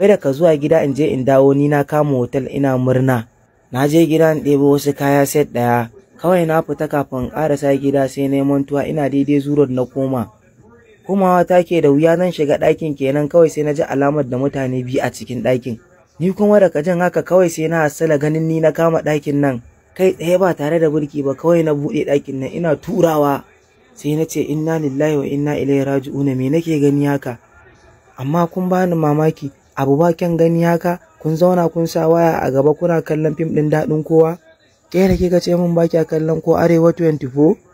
wai daga zuwa gida in je in dawo ni na kama hotel ina murna na je gida in ɗebo wasu kaya set ɗaya kawai na fita kafin in ƙarasa gida sai neman mantuwa ina daidai zurar na koma komawa ta ke da wuya zan shiga ɗakin kenan kawai sai na ji alamar da mutane biyu a cikin ɗakin ni kuma daga jan haka kawai sai na hasala ganin ni na kama ɗakin nan kai ɗaya ba tare da burki ba kawai na buɗe ɗakin nan ina turawa sai na ce inna lillahi wa inna ilaihi raji'un me nake gani haka amma kun bani mamaki abu ba kyan gani haka kun zauna kun sa waya a gaba kuna kallon fim ɗin daɗin kowa ke da kika ce min ba kya kallon ko arewa 24